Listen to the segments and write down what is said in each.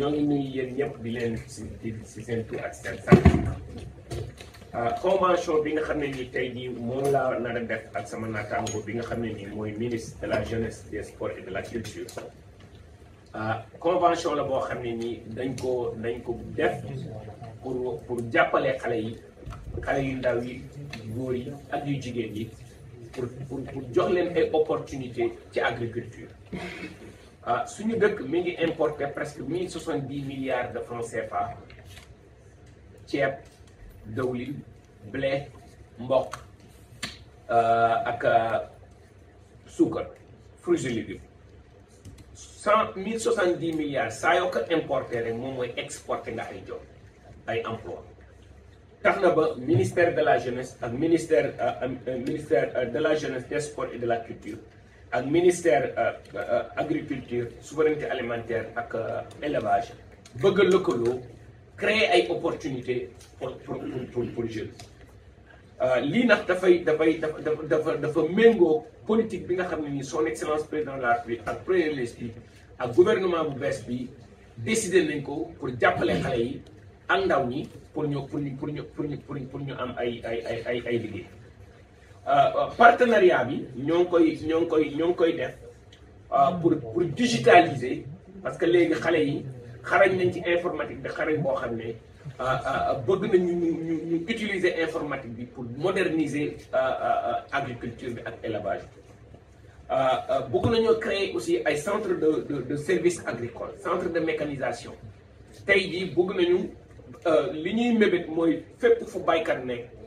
ñoo ngi nuyu yéen ñëpp di leen si si seen tur ak seen sant ah, convention bi nga xam ne nii tey jii moom laa nar def ak sama naataango bi nga xam ne nii mooy ministre de la jeunesse des sports et de la culture ah, convention la boo xam ne nii dañ ko dañ ko def pour pour jàppale xale yi xale yu ndaw yi góor yi ak yu jigéen yi pour pour pour jox leen ay opportunité ci agriculture Ah, suñu dëkk mi ngi importé presque mille soixante dix milliards de francs CFA ceeb dawlin blé mboq ah, ak ah, suukar fruits cent mille soixante dix milliards saa yoo ko rek moom mooy exporté nga ay job ay emploi tax na ba ministère de la jeunesse ak ministère euh, ministère euh, de la jeunesse des sports et de la culture ak ministère euh, euh, agriculture souveraineté alimentaire ak euh, élevage bëgg a lëkkaloo créer ay opportunités pour pour pour pour jeunes lii nag dafay dafay dafa dafa dafa méngoo politique bi nga xam ne nii son excellence président de la République ak premier ministre bi ak gouvernement bu bees bi décider nañ ko pour jàppale xale yi ak ndaw ñi pour ñu pour ñu pour ñu pour ñu pour ñu am ay ay ay ay liggéey. Euh, euh, partenariat bi ñoo ngi koy ñoo ngi koy ñoo ngi koy def euh, pour pour digitaliser parce que léegi xale yi xarañ nañ ci informatique de xarañ boo xam ne bëgg nañu ñu ñu ñu utiliser informatique bi pour moderniser agriculture bi ak élevage bi bëgg nañoo créer aussi ay centre de de de service agricole centre de mécanisation tey jii bëgg nañu li ñuy mébét mooy fépp fu baykat nekk.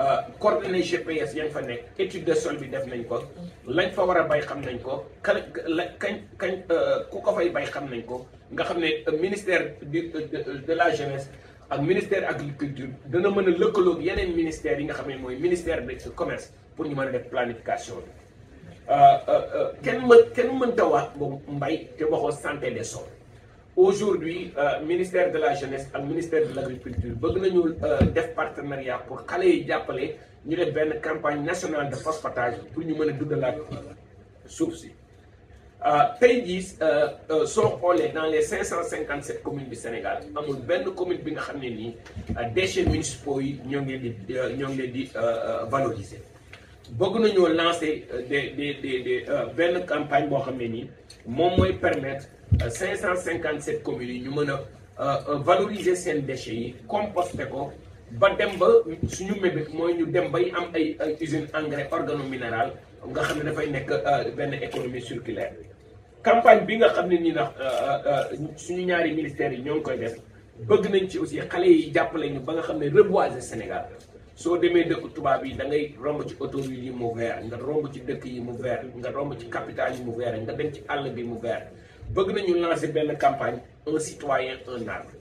Euh, coordonnées GPS ya fa nek étude de sol bi def nañ ko lañ fa wara bay xam nañ ko kañ kañ euh, ku ko fay bay xam nañ ko nga xam ne euh, ministère de la jeunesse ak ministère agriculture dana mën a lëkkaloo ak yeneen ministères yi nga xam ne mooy ministère de commerce pour ñu mën a def planification bi kenn mën kenn mënta wax mbay te waxoo santé des sols aujourd'hui euh, ministère de la jeunesse le ministère de l'Agriculture ont bëgg un euh, partenariat pour xalé yi jàppale ñu def campagne nationale de phosphatage pour nous mettre a de suuf Les pays sont dans les 557 communes du Sénégal amul y commune bi nga xamné ni euh, déchets municipaux yi leen di di valoriser bëgg nañu lancer des des des campagne moom mooy permettre 557 euh, communes ñu euh, euh, valoriser ces déchets composter ko ba dem ba suñu mébét mooy ñu dem bay am ay usine engrais organo nga on va dafay nekk benn économie circulaire campagne bi nga xam ne nii nag suñu ñaari ministères yi ñoo ngi koy def bëgg nañ ci aussi xale yi jàppale ñu ba nga reboiser Sénégal soo demee dëkk tubaab yi da ngay romb ci autoroute yi mu vert nga romb ci dëkk yi mu vert nga romb ci capital yi mu vert nga dem ci àll bi mu vert bëgg nañu lancer benn campagne un citoyen un arbre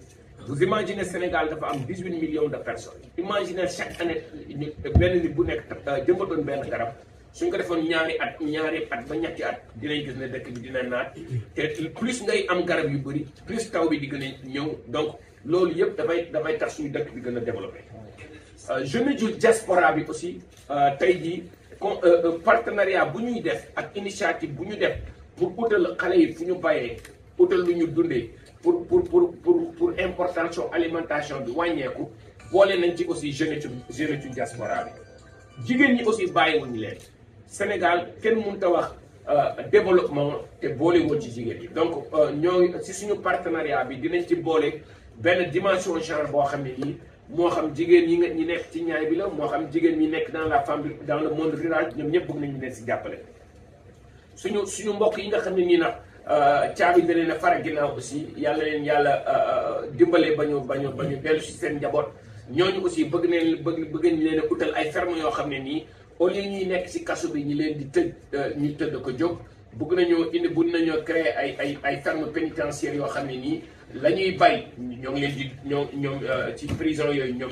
vous imaginez Sénégal dafa am dix-huit millions de personnes imaginez chaque année benn nit bu nekk euh, jëmbatoon benn garab suñ ko defoon ñaari at ñaari at ba ñetti at dinañ gis ne dëkk bi dina naat te plus ngay am garab yu bëri plus taw bi di gën a ñëw donc loolu yëpp dafay dafay tax suñu dëkk bi gën a développé Euh, jeune ju diaspora bi aussi partenariat initiative pour yi pour pour pour pour pour importation alimentation bi wàññeeku nañ ci aussi jeune diaspora bi. ñi aussi Sénégal kenn a wax euh, développement donc euh, partenariat bi dinañ dimension moo xam jigéen ñi nga ñi nekk ci ñaay bi la moo xam jigéen ñi nekk dans la famille dans le monde rural ñoom ñëpp bëgg nañu leen si jàppale. suñu suñu mbokk yi nga xam ne nii nag euh, caabi da leen a fara ginnaaw aussi yàlla leen yàlla euh, euh, dimbale ba ñu ba ba ñu dellu si seen njaboot ñooñu aussi bëgg ne bëgg bëgg leen utal ay ferme yoo xam ne nii au lieu ñuy nekk si kaso bi ñu leen di tëj ñu tëdd ko jóg bëgg nañoo indi bëgg nañoo créer ay ay ay yoo xam ne nii. lañuy bay ñoo ngi leen di ñom ñoom euh, ci prison yooyu ñom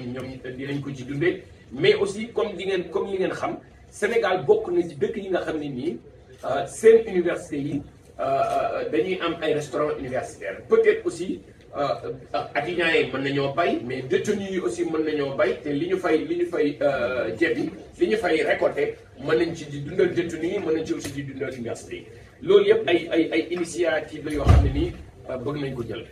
di lañ ko ci dundé mais aussi comme di ngeen comme li ngeen xam Sénégal bokk na ci dëkk yi nga xam ni nii euh, seen université yi euh, dañuy am ay restaurant universitaire peut-être aussi étudiants yi mën nañoo bay mais détenus yi aussi mën nañoo bay te li ñu fay li ñu fay ceeb yi li ñu fay récolté mën nañ ci di dundal détenus yi mën nañ ci aussi di dundal université yi loolu yëpp ay ay ay initiative la yoo xam ne nii bëgg nañ ko jël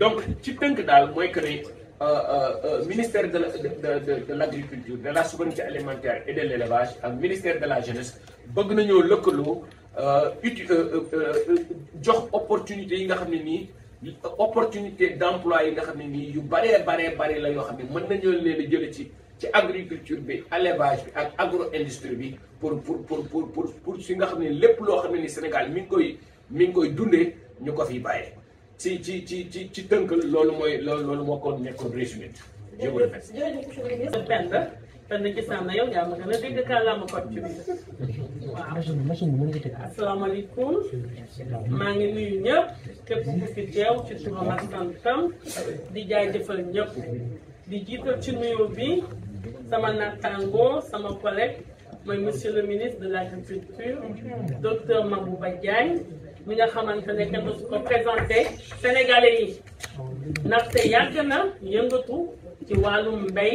donc ci tënk daal mooy que ni euh, euh, euh, ministère de de de de l'agriculture de la souveraineté alimentaire et de l' élevage ak ministère de la jeunesse bëgg nañoo lëkkaloo uti jox opportunité yi nga xam ne nii opportunité d' emploi yi nga xam ne nii yu baree baree bare la yoo xam ne mën nañoo leen jële ci ci agriculture bi élevage bi ak agro industrie bi pour pour pour pour pour si nga xam ne lépp loo xam ne Sénégal mi ngi koy mi ngi koy dundee ñu ko fiy bàyyee. ci ci ci ci ci tënk loolu mooy loolu moo ko nekkoon résumé. je vous remercie jërëjëf benn benn gis naa ne yow yaa ma gën a dégg kàllaama kot ci biir waaw asalaamaaleykum maa ngi nuyu ñëpp képp ku fi teew ci turam ak santam di jaajëfal ñëpp di jiital ci nuyoo bi sama nattaango sama collègue mooy monsieur le ministre de l'agriculture docteur Mabouba Diagne. mi nga xamante ne kenn su ko présenté sénégalais yi ndaxte yàgg na yëngatu ci wàllum mbéy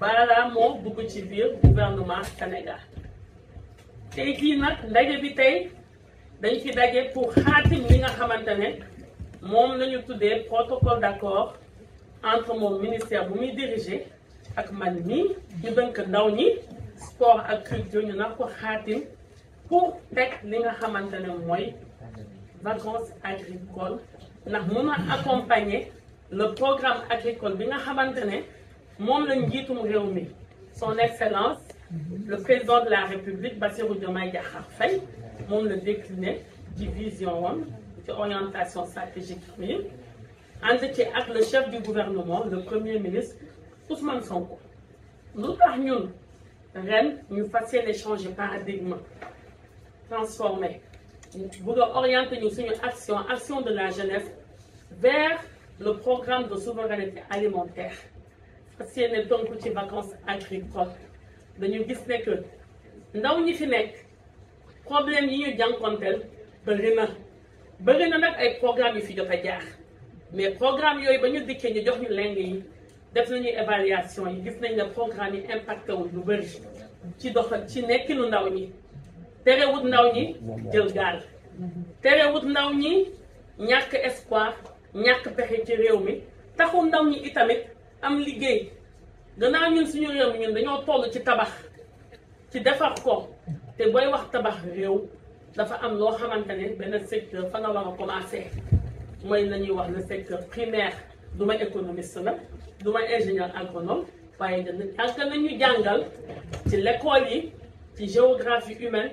balaa moo dugg ci biir gouvernement Sénégal tey jii nag ndaje bi tey dañ fi daje pour xaatim li nga xamante ne moom lañu ñu tuddee protocole d'accord entre moom ministère bu muy diriger ak man mii ñu dënk ndaw ñi sport ak culture ñu nag ko xaatim pour teg li nga xamante ne mooy vacances agricoles nous avons accompagné le programme agricole Nous avons xamante son excellence le président de la république Bassirou Diomaye Diakhar Faye moom décliné division vision orientation stratégique Nous avons le chef du gouvernement le premier ministre Ousmane Sonko nous avons fait ren ñu paradigme transformé nous voulons orienter notre action action de la jeunesse vers le programme de souveraineté alimentaire parce que ne donc des vacances agricoles Nous gis ne que ndaw ñi fi Le problème yi ñu jànkonteel bëri na bëri na nag ay programme qui fi faits. a Mais mais programme yooyu ba ñu que nous jox ñu leng yi def Nous évaluation yi gis nañ programme yi impacté wu lu bëri ci doxal ci nous ndaw terewut ndaw ñi jël gaal terewut ndaw ñi ñàkk espoir ñàkk pexe ci réew mi taxul ndaw ñi itamit am liggéey gannaaw ñun suñu réew mi ñun dañoo toll ci tabax ci defar ko te booy wax tabax réew dafa am loo xamante ne benn secteur fa nga war a mooy la ñuy wax le secteur primaire du ma économiste la du ma ingénieur agronome waaye dana ak nañu jàngal ci l'école yi ci géographie humaine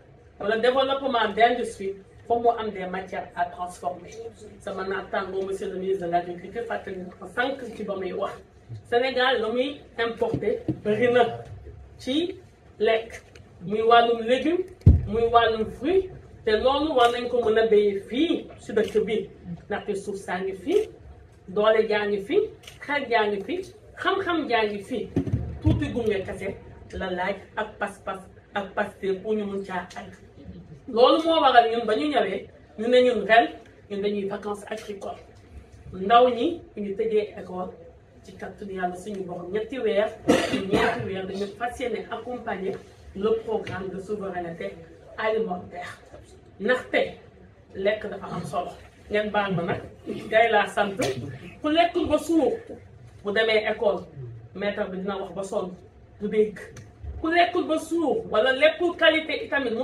Pour développement d'industrie, pour faut am des matières à transformer. Ça m'a entendu, monsieur le ministre de l'Agriculture, en tant que tu vas me voir. Sénégal, l'homme importé, rien. Ci, lek, muy walum légumes, muy walum fruits, té loolu war nañ ko mën a béyee ci si dëkk bi ndaxte suuf saa ngi fi doole jaa ngi fi xar jaa ngi fi xam-xam jaa ngi fi tuuti gunge kese la laaj ak pas-pas ak pasteur pour ñu mun caa àgg. Nous, mo waral ñun vacances agricoles Nous, ñi ñu école ci yalla suñu borom ñetti accompagner le programme de souveraineté alimentaire té lekk dafa am solo ngeen baal ma gay la ku école dina wax ba du ku wala qualité itamit mu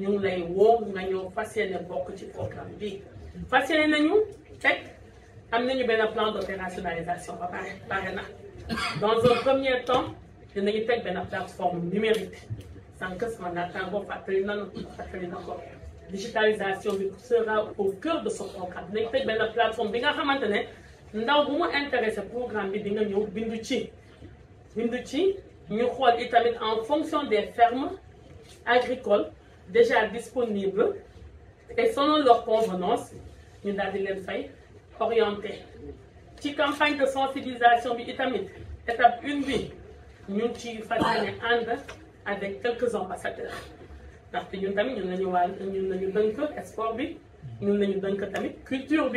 ñu ngi lay woo nga ñëw fas yéene bokk ci programme bi fas nañu teg am nañu benn plan d'opérationnalisation ba pare pare na dans un premier temps dinañu teg benn plateforme numérique sànq sama naataango fàttali na fàttali na ko digitalisation bi sera au cœur de ce programme dinañ teg benn plateforme bi nga xamante ne ndaw bu mu intéressé programme bi di nga ñëw bindu ci bindu ci ñu xool itamit en fonction des fermes agricoles déjà disponible et selon leur convenance nous devons les leen fay campagne de sensibilisation bi étape une nous ci avec quelques ambassadeurs Parce que nous ñun nañu nous ñun nañu dënk sport culture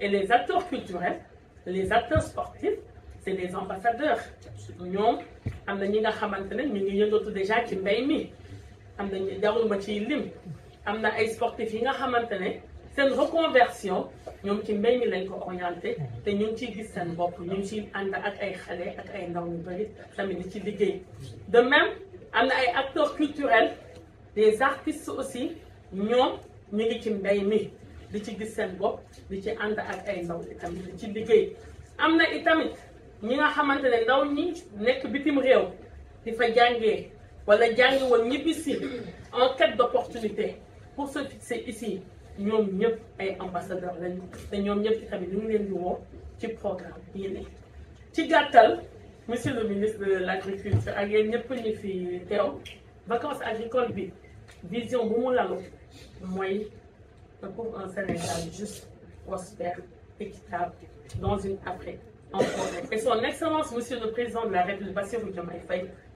et les acteurs culturels les acteurs sportifs c'est les ambassadeurs Nous am na ñi nga xamante ne ñu déjà ci am nañu jarul ma lim am na ay sportifs yi nga xamantene ne seen reconversion ñoom ci mbéy mi lañ ko orienté te ñu ci gis seen bopp ñu ci ciy ànd ak ay xale ak ay ndaw ñu bari tamit ci liggéey de même am na ay acteurs culturels des artistes aussi ñoom ñu ngi ci mbéy mi di ci gis seen bopp di ci ànd ak ay ndaw tamit ci liggéey am na itamit ñi nga xamante ne ndaw ñi nekk bitim réew di fa jàngee wala jàngi won ñibbi en quête d'opportunité pour se fixer ici ñom ñep ay ambassadeurs lañu té ñom ñep ci tamit ñu leen di wo ci programme yi né ci gattal monsieur le ministre de l'agriculture ak yéen ñi fi téw vacances agricoles bi vision bu mu lalu pour un Sénégal juste prospère équitable dans une Afrique en progrès et son excellence monsieur le président de la République Bassirou Diomaye Faye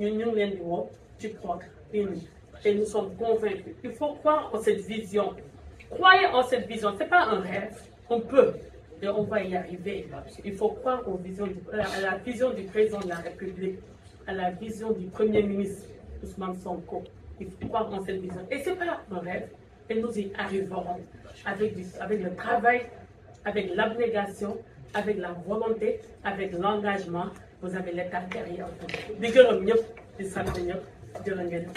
et nous sommes convaincus il faut croire en cette vision croyez en cette vision c'est pas un rêve on peut et on va y arriver il faut croire aux à la vision du président de la République à la vision du premier ministre Ousmane Sonko il faut croire en cette vision et c'est pas un rêve et nous y arriverons avec avec le travail avec l'abnégation avec la volonté avec l'engagement vous avez l'état derrière vous di gërëm ñëpp di sant ñëpp jërë ngeen